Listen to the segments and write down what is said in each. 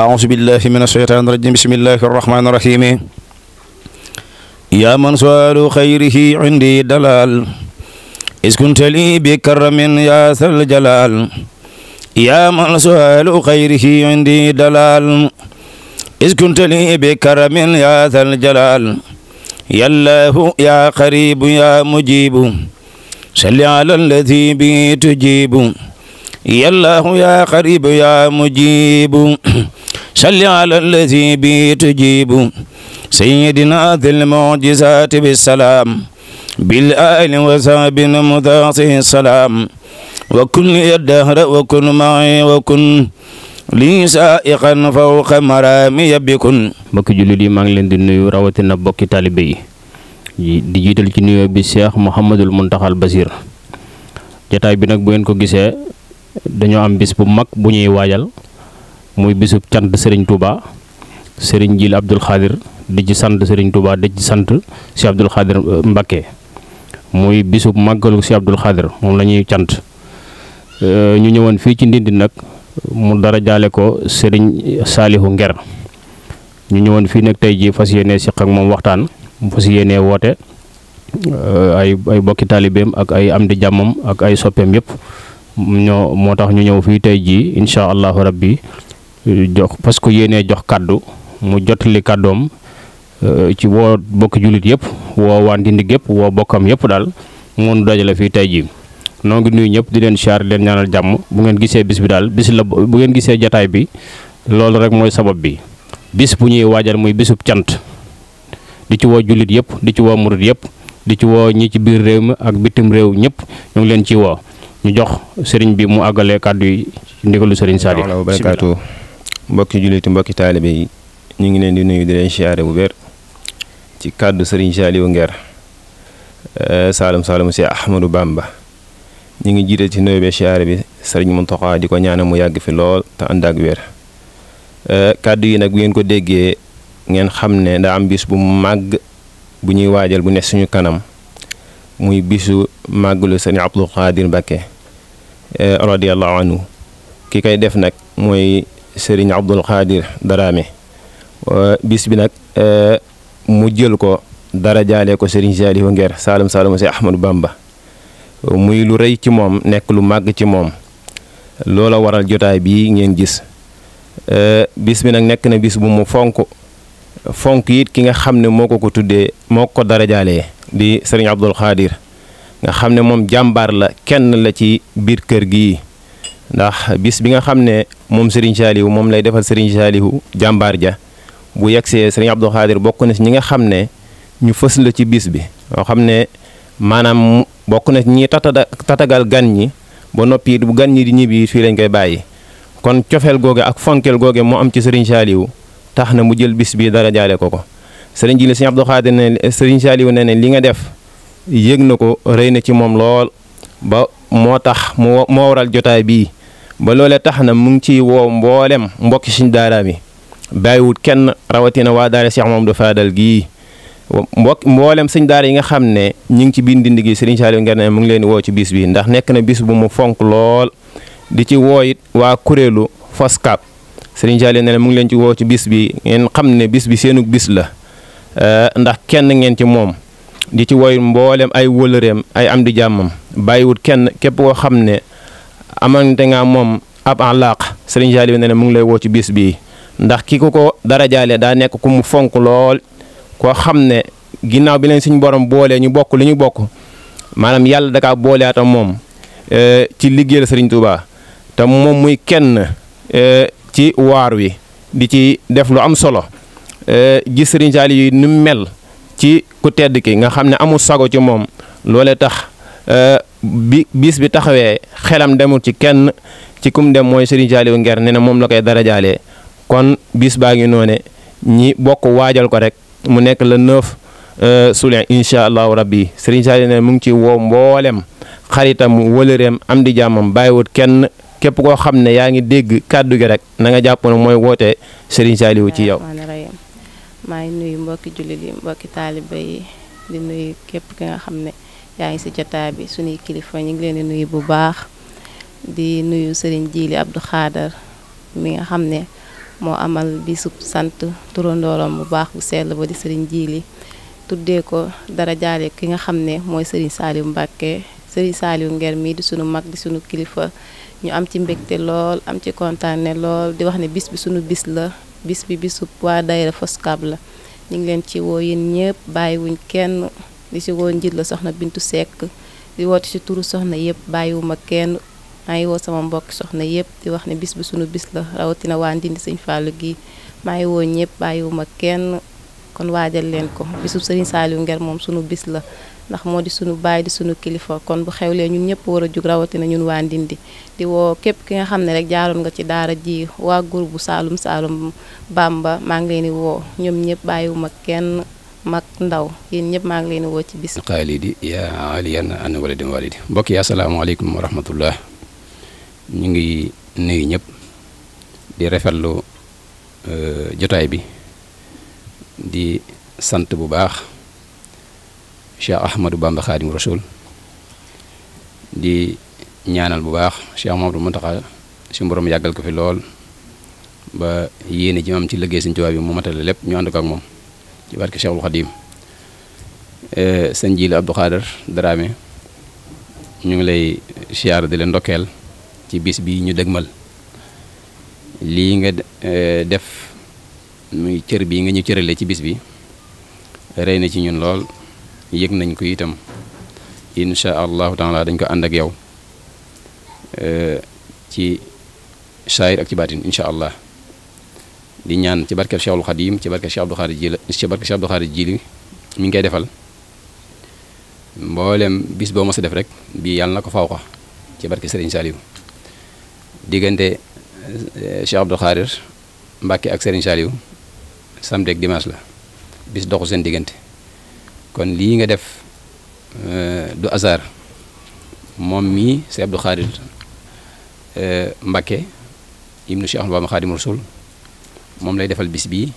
أعوذ بالله من الشيطان الرجيم بسم الله الرحمن الرحيم يا من سؤال خيره عندي دلال إذ كنت لي بكرم يا ذا الجلال يا من سؤال خيره عندي دلال إذ كنت لي بكرم يا ذا الجلال يا الله يا قريب يا مجيب صل على الذي بي تجيب يا الله يا قريب يا مجيب salli ala allazi bi tujibu sayyidina dhil mu'jizati bisalaam bil aali wa saabin mudaasi salaam wa kun liya dahra wa kun ma'i wa kun lii saa'iqan fawqa mbokki jullit yi maa leen di nuyu rawatina bokki talibe yi di ci nuyoo bi Cheikh Mouhamadul Muntaxal Basir jataay bi nag bu ngeen ko gisee dañoo am bis bu mag bu ñuy waajal muy bisub cant Serigne Touba Serigne Jil Abdul Khadir di ci tuba Serigne Touba di ci sante si Abdul Khadir euh, mbake muy bisub màggalu si Abdul Khadir mom lañuy ñuy cant euh, ñu ñewon fi ci Ndindi nak mu dara jale ko Serigne Salihu Nger ñu ñewon fi nak tay ji fasiyene cheikh ak mom waxtaan mu fas euh, ay ay bokki talibem ak ay am di ak ay sopem yep ñoo motax ñu ñew fi tay ji rabbi jox parce que yéenee jox kàddu mu jotali kàddoom euh, ci woo bokki jullit yëpp woo waa Ndindig yëpp woo bokkam yëpp daal moonu dajale fii tey jii noo ngi nuyu ñëpp di leen siyaar leen ñaanal jàmm bu ngeen gisee bis bi daal bis la bu ngeen gisee jataay bi loolu rek mooy sabab bi bis bu ñuy waajal muy bisub cant di ci woo jullit yëpp di ci woo murit yëpp di ci woo ñi ci biir réew mi ak bitim réew ñëpp ñu ngi leen ci woo ñu jox sëriñ bi mu àggale kàddu yi ndigalu sëriñ Saliou mbokki julliti mbokki taalibe yi ñu ngi leen di nuyu di leen siyaare bu wér ci kàddu sëriñ Saliou ngeer eh, saalum saalum si Ahmadou Bamba ñu ngi jiite ci nuyu bi siyaare bi sëriñ Mountakha di ko ñaanal mu yàgg fi lool te ànd ak eh, kàddu yi nag bu ngeen ko déggee ngeen xam ne daa am bis bu màgg bu ñuy waajal bu ne suñu kanam muy bisu màggulu sëriñ Abdou Khadir Mbacké eh, radiyallahu anhu ki koy def nag mooy sëriñ Abdul Xaadir Daraame euh, bis bi nag euh, mu jël ko dara jaale ko sëriñ Saalihu Ngeer saalum saalum si Ahmadu Bamba muy lu rëy ci moom nekk lu màgg ci moom loola waral jotaay bii ngeen gis euh, bis bi nag nekk na bis bu mu fonk fonk it ki nga xam ne moo ko ko tuddee moo ko darajaalee di sëriñ Abdul Xaadir nga xam ne moom jàmbaar la kenn la ci biir kër gii ndax bis bi nga xam ne moom Serigne Saliou moom lay defal Serigne Saliou jàmbaar ja bu yegsee Serigne Abdou Khadir bokk na si ñi nga xam ne ñu fës la ci bis bi yoo xam ne maanaam bokk na ci ñi tata tatagal gan ñi ba noppi bu gan ñi di ñibbi fii lañ koy bàyyi kon cofeel googe ak fonkeel googe moo am ci Serigne Saliou tax na mu jël bis bi dara jaalee ko ko Serigne ji li Serigne Abdou Khadir ne Serigne Saliou ne ne li nga def yëg na ko rëy na ci moom lool ba moo tax moo jotaay bii. ba loolee tax na mu ngi ciy woo mboolem mbokki suñ daara bi bàyyiwut kenn rawatina waa daara Cheikh Mamadou Fadal gii mbokk mboolem suñ daara yi nga xam ne ñu ngi ci biir ndindi gi Serigne Saliou Nguerne mu ngi leen di woo ci bis bi ndax nekk na bis bu mu fonk lool di ci woo it waa kuréelu Foskab Serigne Saliou ne mu ngi leen ci woo ci bis bi ngeen xam ne bis bi seenug bis la euh, ndax kenn ngeen ci moom di ci wooyit mboolem ay wëlëreem ay am di jàmmam bàyyiwut kenn képp koo xam ne. amante nga moom ab àllaax sëriñ Saliou ne ne mu ngi lay woo ci bis bii ndax ki ku ko dara jaale daa nekk ku mu fonk lool koo xam ne ginnaaw bi leen suñu borom boolee ñu bokk lu ñu bokk maanaam yàlla dakaa booleatam moom e, ci liggéeyal sëriñ Touba te moom muy kenn e, ci waar wi di ci def lu am solo e, gis sëriñ Saliou yi nu mel ci ku tedd ki nga xam ne amul sago ci moom loole tax Euh, bi bis bi taxawee xelam demul ci kenn ci kum dem mooy Serigne Saliou Nguer ne na moom la koy darajaalee kon bis baa ngi noone ñi bokk waajal ko rek mu nekk le neuf Soulin euh, incha allahu rabbi Serigne Saliou ne mu ngi ci woo mbooleem xaritam mu wëlëreem am di jàmmam bàyyiwut kenn képp koo xam ne yaa ngi dégg kàddu gi rek na nga jàpp mooy woote Serigne Saliou ci yow. yaa ngi si jotaay bi suñuy kilifa ñu ngi leen di nuyu bu baax di nuyu sëriñ Jiili Abdou Xaadar mi nga xam ne moo amal bisub sant turandooram bu baax bu sell ba di sëriñ Jiili tuddee ko dara jaale ki nga xam ne mooy sëriñ Saaliw Mbàkke sëriñ Saaliw Nger mii di sunu mag di sunu kilifa ñu am ci mbégte lool am ci kontaan ne lool di wax ne bis bi sunu bis la bis bi bisub waa daayira Foskaab la ñu ngi leen ci woo yéen ñëpp bàyyiwuñ kenn di si woo njiit la soxna Bintu Seck di woote si turu soxna yëpp bàyyiwuma kenn maa ngi woo sama mbokk soxna yëpp di wax ne bis bi sunu bis la rawatina waa Ndindi sëñ Fallou gi maa ngi woo ñëpp bàyyiwuma kenn kon waajal leen ko bisu sëriñ Saliou moom sunu bis la ndax moo di sunu baay di sunu kilifa kon bu xewlee ñun ñëpp war a jug rawatina ñun waa Ndindi di woo képp ki nga xam ne rek jaaroon nga ci daara ji waa groupe bu Saalum Saalum Bamba maa ngi leen woo ñoom ñëpp bàyyiwuma kenn mak ndaw yeen ñep ma ngi leen wo ci bis khalidi ya aliyan an walidin walidi ya assalamu alaykum wa rahmatullah ñi ngi nuyu ñep di rafetlu euh, jotay bi di sante bu baax cheikh ahmadou bamba khadim rasul di ñaanal bu baax cheikh mamadou muntaha ci mborom yagal ko fi lool ba yene ji am ci liggey seigne tubaab bi mu matale lepp ñu and ak mom ci barke Cheikhul Khadim sëñ Jili Abdou Khader Dramé ñu ngi lay siyaar di leen ndokkeel ci bis bi ñu dëgmal lii nga def muy cër bi nga ñu cërale ci bis bi rey ci ñun lool yëg nañ ko itam incha allahu taala dañ ko ànd ak yow ci saayir ak ci baatin incha allah di ñaan ci barkeb Cheikhul Khadim ci barke Cheikh Abdou Khadre Jili ci barke Cheikh Abdou Khadre Jili mi ngi koy defal mbollem bis bo ma sa def rek bi yàlla nako ko faw ko ci barke Serigne saliw diggante Cheikh Abdou Khadre Mbacke ak Serigne saliw samedi ak dimanche la bis doxu sen diggante kon li nga def du azar mom mi Cheikh Abdou Khadre Mbacke ibnu Cheikh abdou khadim rasoul mom lay defal bis bi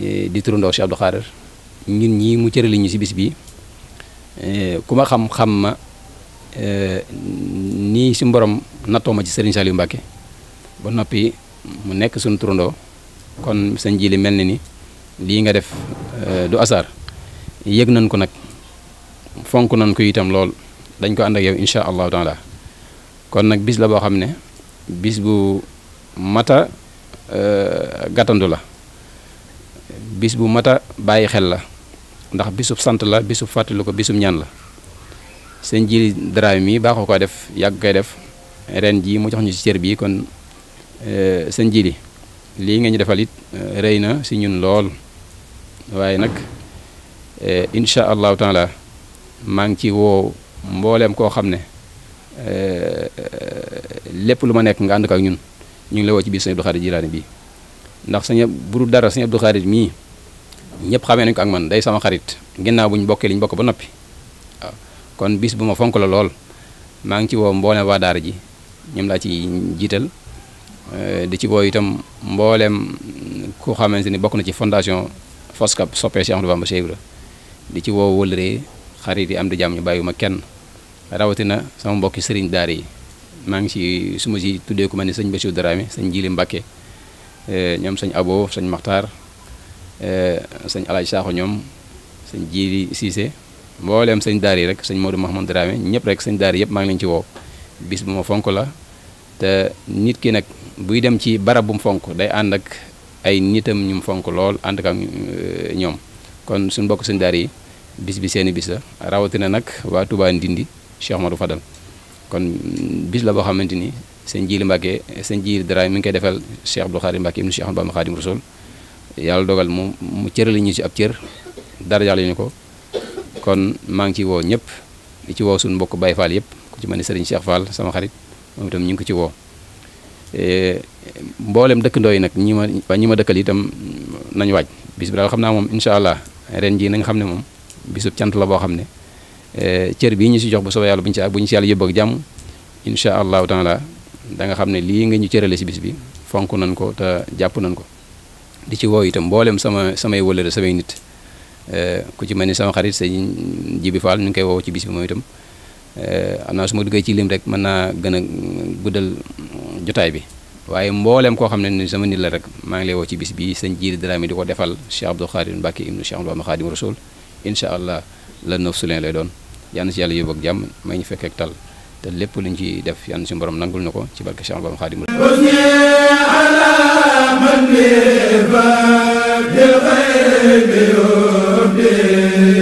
e, di turandoo Cheikh Abdou khader ñun ñi mu cërali ñu si bis bi euh kuma xam xam ma e, nii si mborom nattoo ma ci Serigne Saliou mbake ba nopi mu nekk suñu turandoo kon sa jili li mel ni li nga def e, du asar yegg nañ ko nak fonku nañ ko itam lool dañ ko ànd ak yow incha taala kon nak bis la hamne, xamne bis bu mata Euh, gàttandu la bis bu mat a bàyyi xel la ndax bisu sant la bisub fàttali ko bisub ñaan la seen jili daraay mi baaxoo ko def yàgg koy def ren jii mu jox ñu ci cër bii kon euh, seen jili lii nga ñu defal it euh, rëy na si ñun lool waaye nag incha allahu taala maa ngi ci woo mbooleem koo xam ne lépp lu ma nekk nga ànd ko ak ñun ñu ngi lay woo ci biir sëñ Abdou Khadir Jilaani bi ndax sëñ bu dara sëñ Abdou Khadir mii ñëpp xamee nañ ko ak man day sama xarit ginnaaw bu ñu bokkee li ñu bokk ba noppi kon bis bu ma fonk la lool maa ngi ci woo mboolem waa daara ji ñoom laa ci jiital eh, di ci woo itam mboolem ku xamante ni bokk na ci fondation FOSCAP soppee Cheikh Ahmadou Bamba Cheikh Ibra di ci woo wëlëree xarit yi am di jàmm ñu bàyyi ma kenn rawatina sama mbokki sëriñ daar yi Mang ci suma ci si ko mané mel ni sëñ Bassirou Dramé sëñ Jili Mbacké eh, ñoom sëñ Abo sëñ euh sëñ alay saxo ñom sëñ Jili Cissé mbolém sëñ daar yi rek sëñ Modou mahamoud Dramé ñep rek sëñ daar yëpp maa leen ci wo bis bu ma fonk la té nit ki nak buy dem ci barab bu mu fonk day and ak ay nitam ñum fonk lool and ak eh, ñom kon suñu bokk sëñ daar yi bis bi seen bis la na nak wa Touba Ndindi Cheikh Modou Fadal kon bis la boo xamante ni sëñ Jili Mbàkke sëñ Jili Daraay mi ngi koy defal Cheikh Abdou Khadim Mbàkke ibnu Cheikh Ahmadou Bamba Khadim Rasul yàlla dogal mu mu cërale ñu si ab cër dara jàll ñu ko kon maa ngi ci woo ñëpp ci woo suñ mbokk Baye Fall yëpp ku ci mel ni Serigne Cheikh Fall sama xarit moom itam ñu ngi ko ci woo e, mboolem dëkkandoo yi nag ñi ma ñi ma dëkkal itam nañ waaj bis bi daal xam naa moom incha allah ren jii nañ xam ne moom bisu cant la boo xam ne Eh, cër bii ñu si jox bu soobee yàlla bu ñu si bu ñu si yàlla yóbbu ak jàmm incha allahu taala da nga xam ne lii nga ñu cërale si bis bi fonk nañ ko te jàpp nañ ko di ci woo itam mbooleem sama samay wëlëre samay nit eh, ku ci mel ni sama xarit Jibi Fall ñu ngi koy woo ci bis bi moom itam eh, am naa su ma duggee ci lim rek mën naa gën a guddal jotaay bi waaye mbooleem koo xam ne ni sama nit la rek maa ngi lay woo ci bis bi sëñ Jiiri Dramé di ko defal Cheikh Abdou Khadim Mbacke ibnu Cheikh Abdou Khadim Rasoul incha allah la neuf su lay doon yal na si yàlla yóbbu jàmm may ñu fekk ak tal te lépp luñ ci def yal na suñu borom nangul na ko ci barke Cheikh Bamba Xaadimu Rasuul